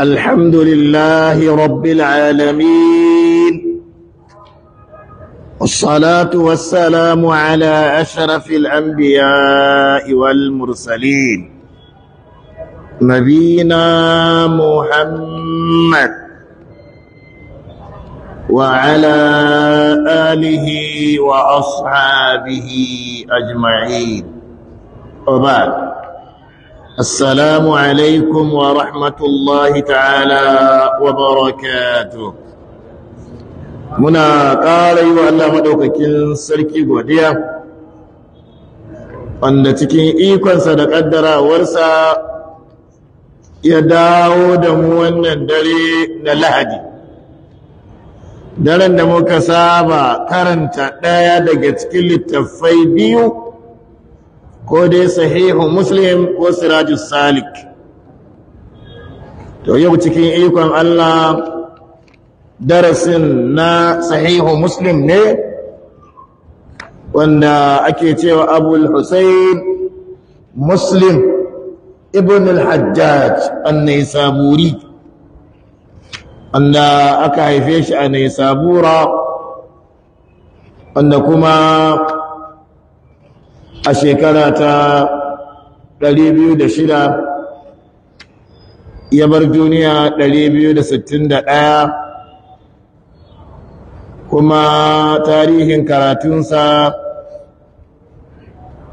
الحمد لله رب العالمين والصلاة والسلام على أشرف الأنبياء والمرسلين نبينا محمد وعلى آله وأصحابه أجمعين وبعد السلام عليكم ورحمة الله تعالى وبركاته muna ƙara yi wa Allah maɗaukakin sarki godiya wanda cikin ikonsa da ƙaddarawarsa ya dawo da mu wannan dare na lahadi daren da muka saba karanta ɗaya daga cikin littattafai biyu ko dai sahihu muslim ko siraju salik to yau cikin ikon Allah darasin na sahihu muslim ne wanda ake cewa abul husayn muslim ibn al-hajjaj an-naisaburi wanda aka haife shi a naisabura wanda kuma a shekara ta 206 ya bar duniya 261 kuma tarihin karatunsa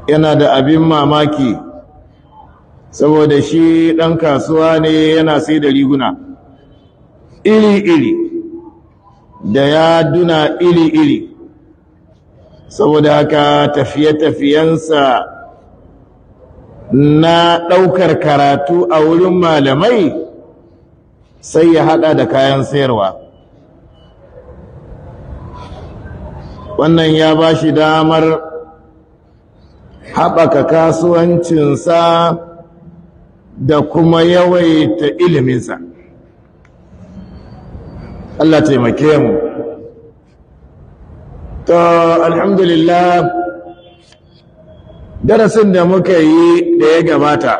yana da abin mamaki saboda shi ɗan kasuwa ne yana sai da riguna iri-iri da ya duna iri-iri saboda haka tafiye-tafiyensa na ɗaukar karatu a wurin malamai sai ya haɗa da kayan sayarwa wannan ya ba shi damar haɓaka kasuwancinsa da kuma yawaita iliminsa Allah taimake mu to alhamdulillah darasin da muka yi da ya gabata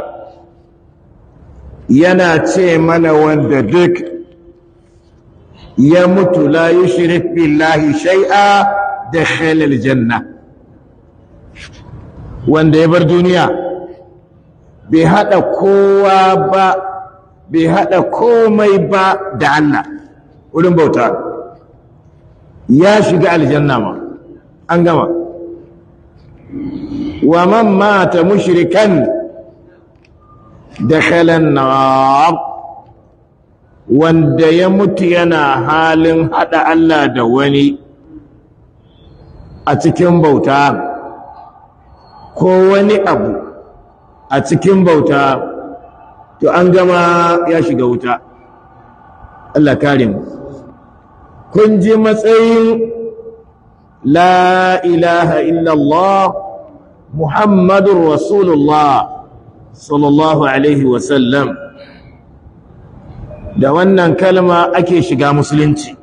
yana ce mana wanda duk ya mutu la yushrik billahi shai'a da khalil janna wanda ya bar duniya bai haɗa kowa ba bai hada komai ba da Allah wurin bauta ya shiga aljanna ma an gama wa man mata mushrikan dakhala an-nar wanda ya mutu yana halin hada Allah da wani a cikin bauta ko wani abu a cikin bauta to an gama ya shiga wuta Allah kare kun ji matsayin la ilaha illallah muhammadun rasulullah sallallahu alaihi wasallam da wannan kalma ake shiga musulunci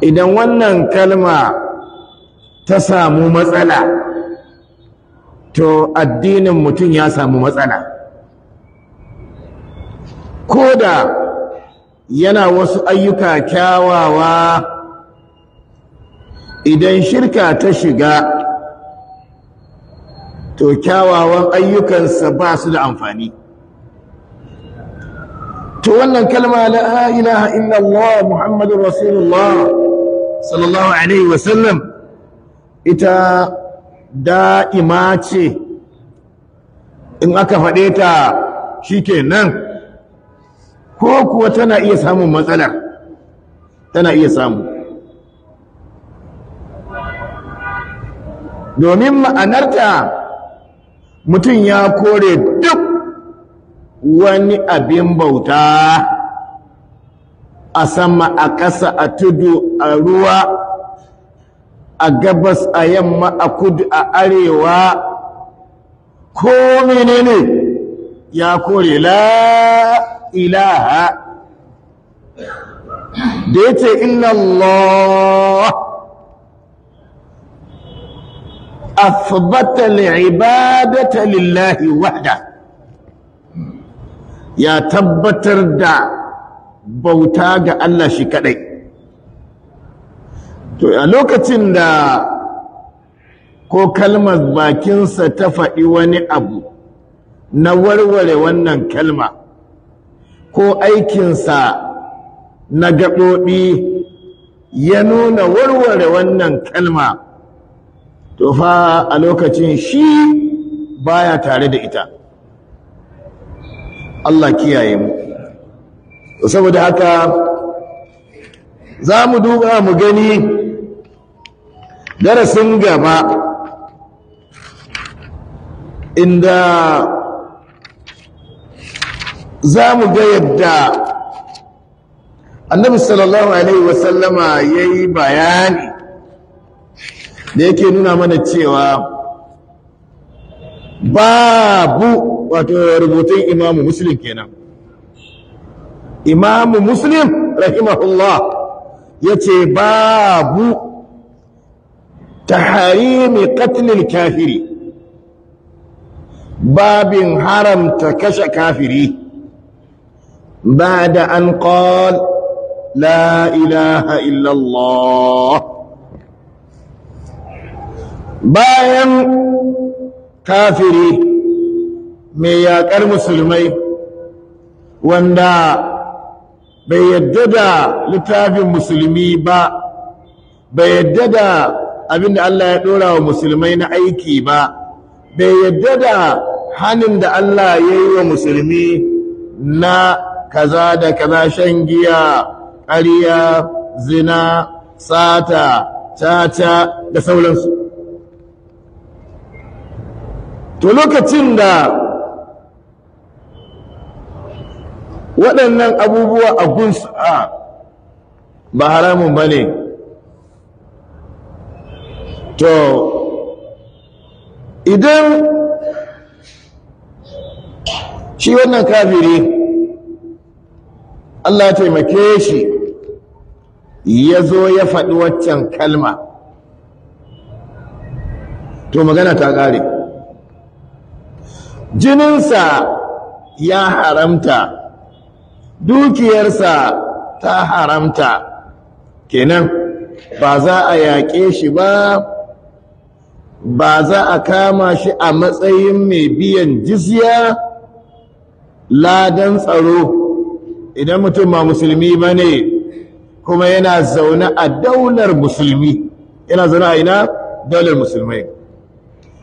idan wannan kalma ta samu matsala to addinin mutum ya samu matsala ko da yana wasu ayyuka kyawawa idan shirka ta shiga to kyawawan ayyukansa ba su da amfani to wannan kalma la ilaha illallah muhammadur rasulullah sallallahu alaihi wasallam ita da'ima ce in aka faɗe ta shi nan. ko kuwa tana iya samun matsalar tana iya samu domin ma'anarta mutum ya kore duk wani abin bauta a sama a ƙasa a tudu a ruwa a gabas a yamma a kudu a arewa ko menene ya kore la ilaha da ya ce inna Allah asbata al'ibadata lillahi wahda ya tabbatar da bauta ga Allah shi kadai to a lokacin da ko kalmar bakinsa ta faɗi wani abu na warware wannan kalma ko aikinsa na gaɓoɓi ya nuna warware wannan kalma to fa a lokacin shi baya tare da ita Allah kiyaye mu saboda haka za mu duba mu gani darasin gaba inda za mu ga yadda annabi sallallahu alaihi wasallama ya yi bayani da yake nuna mana cewa babu wato rubutun imamu muslim kenan imamu muslim rahimahullah ya ce babu harimi katilin kafiri babin haramta kashe kafiri Ba da قال لا إله إلا bayan kafiri mai yaƙar musulmai wanda bai yadda da littafin musulmi ba bai yarda da abinda Allah ya ɗora wa musulmai na aiki ba bai yarda da hannun da Allah ya yi wa musulmi na kaza da kaza shan giya ƙarya zina sata caca da sauransu to lokacin da waɗannan abubuwa a a ba haramun ba ne to idan shi wannan kafiri Allah taimake shi ya zo ya faɗi waccan kalma to magana ta ƙare jininsa ya haramta dukiyarsa ta haramta kenan ba za a yaƙe shi ba ba za a kama shi a matsayin mai biyan jizya ladan tsaro idan mutum ma musulmi ba ne kuma yana zaune a daular musulmi yana zaune a ina daular musulmai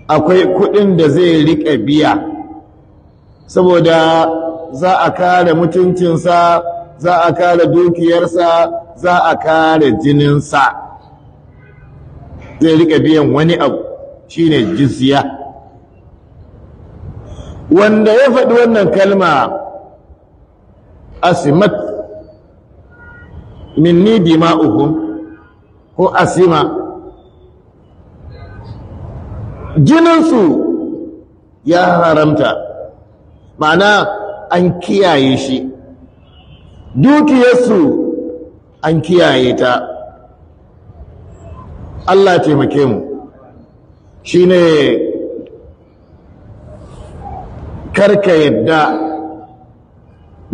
akwai kudin da zai riƙe biya saboda za a kare mutuncinsa za a kare dukiyarsa za a kare jininsa zai riƙe biyan wani abu shine jizya wanda ya faɗi wannan kalma asimat min ma dima'uhum ko asima jininsu ya haramta ma'ana an kiyaye shi dukiyarsu an kiyaye ta Allah taimake mu shine ne karka yadda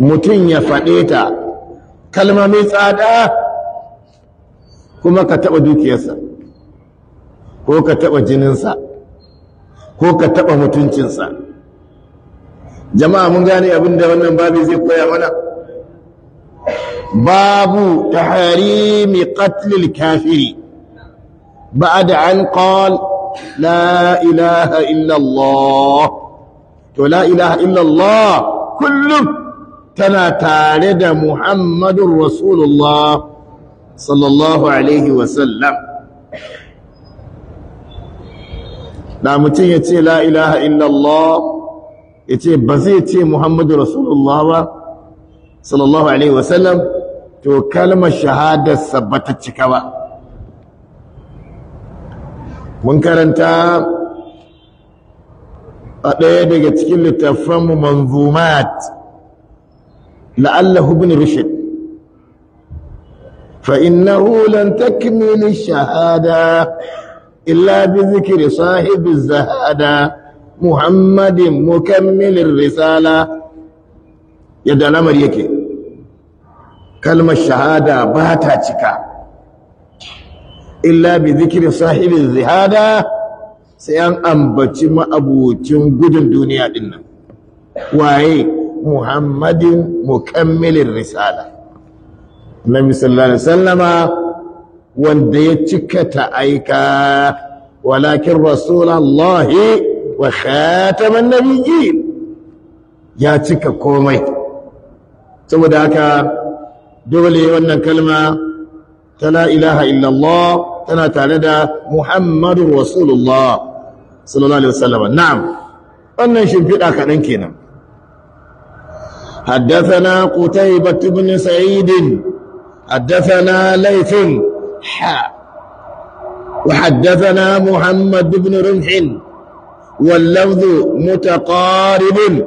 mutum ya faɗe ta kalma mai tsada kuma ka taɓa dukiyarsa ko ka taɓa jininsa ko ka taɓa mutuncinsa jama'a mun gane abin da wannan babu zai koya mana babu taharimi ƙatlil kafiri ba'da an da لا إله lailaha الله to لا إله إلا tana tare da muhammadun rasulullah sallallahu alaihi wasallam mutum ya ce la ilaha illallah ya ce ba zai ce muhammadu rasulullah ba sallallahu alaihi wasallam to kalmar shahadarsa ba ta cika ba mun karanta a ɗaya daga cikin littafanmu manzumat لعله ابن رشد فإنه لن تكمل الشهادة إلا بذكر صاحب الزهادة محمد مكمل الرسالة يدى الأمر يكي كلمة الشهادة باتا تكا إلا بذكر صاحب الزهادة سيان أنبتي ما أبو تنقود الدنيا دنا وايه muhammadin mukammilin risala nabi sallallahu alaihi wasallama wanda ya cika ta aika walakin rasulallahi wa khataman ya cika komai saboda haka dole wannan kalma ta la ilaha illallah tana tare da muhammadun rasulullah sallallahu alaihi wasallama na'am wannan shimfiɗa kaɗan kenan حدثنا قتيبة بن سعيد حدثنا ليث حا وحدثنا محمد بن رمح واللفظ متقارب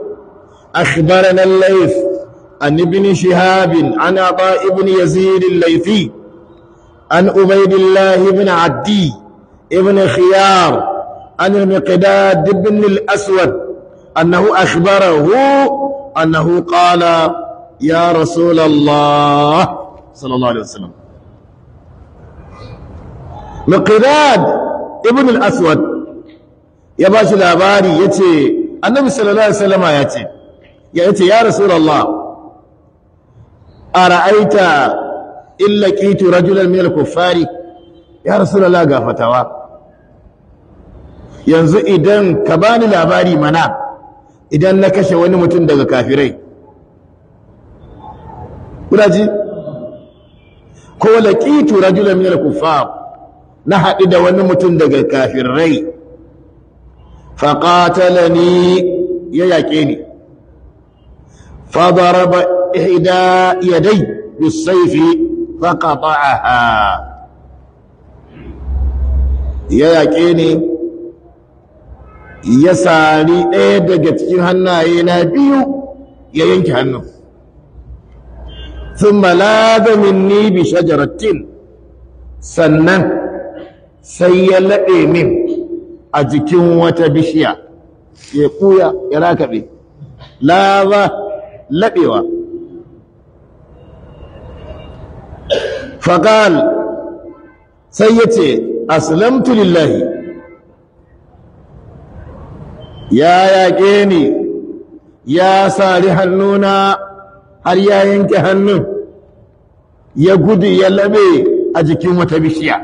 أخبرنا الليث عن ابن شهاب عن عطاء بن يزيد الليثي عن عبيد الله بن عدي بن خيار عن المقداد بن الأسود أنه أخبره أنه قال يا رسول الله صلى الله عليه وسلم مقداد ابن الأسود يباش الأباري يتي النبي صلى الله عليه وسلم يتي يأتي يا رسول الله أرأيت إن لقيت رجلا من الكفار يا رسول الله قافتوا yanzu idan ka bani labari mana idan na kashe wani mutum daga kafirai kuna ji ko laqitu rajulan min al-kuffar na haɗu da wani mutum daga kafirai fa qatalani ya yaƙe ni fa daraba ihda yaday bisayfi fa qata'aha ya yaƙe ni ya sari ɗaya daga cikin hannaye na biyu ya yanke hannun sun malaga minni bi shajaratin sannan sai ya laɗe min a jikin wata bishiya ya ƙuya ya rakaɓe laba laɓewa faƙal sai ya ce aslamtu lillahi ya yaƙe ni ya sari hannuna har ya yanke hannun ya gudu ya labe a jikin wata bishiya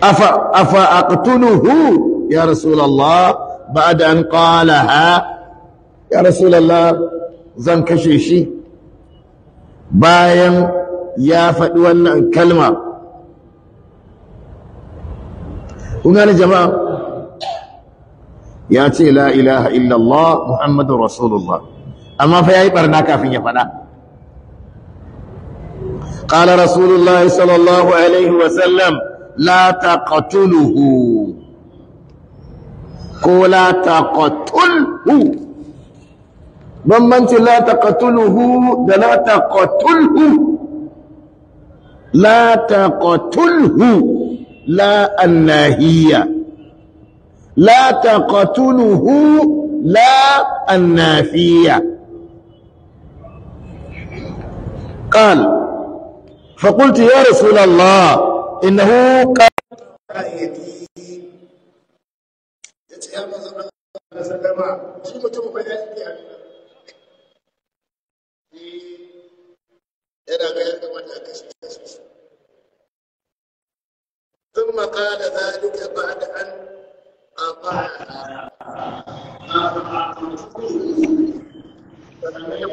afa afa aqtuluhu ya rasulullah ba'da an qalaha ya rasulullah zan kashe shi bayan ya faɗi wannan kalma وقال يا جماعه لا اله الا الله محمد رسول الله اما في أي كافين في فنا قال رسول الله صلى الله عليه وسلم لا تقتله قولا تقتله ممن لا تقتله لا تقتله لا تقتله لا الناهية لا تقتله لا النافية قال فقلت يا رسول الله إنه قال yana ga yadda wanda aka shi ثم قال ذلك بعد أن قاطعها فلم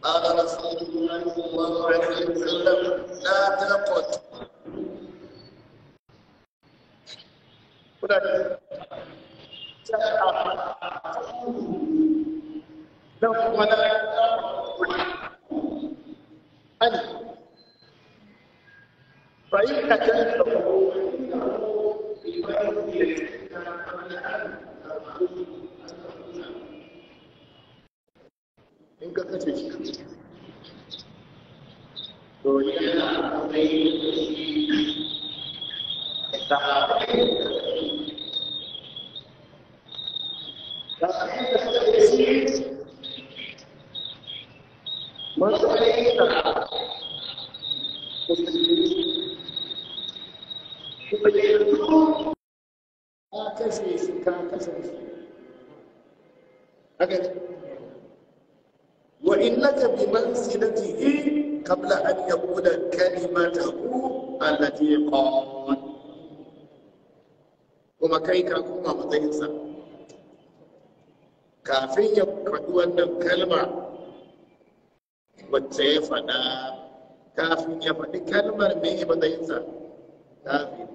قال رسول الله صلى الله عليه وسلم لا تقت لو ملائكه that وإنك بمنزلته قبل أن يقول كلمته التي قال kuma kai ka koma matsayinsa kafin ya faɗi wannan kalma wacce ya faɗa ya faɗi kalmar mai matsayinsa kafin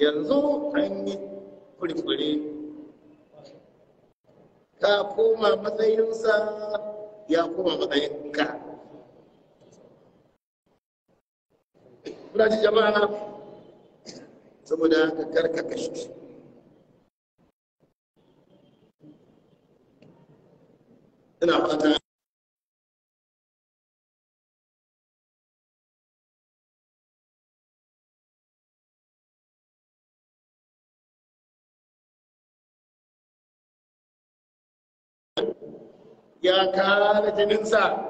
yanzu an yi kurkure ka koma matsayinsa ya koma matsayinka kuna ji jama'a na saboda ka karka kashi ina fata ya da jininsa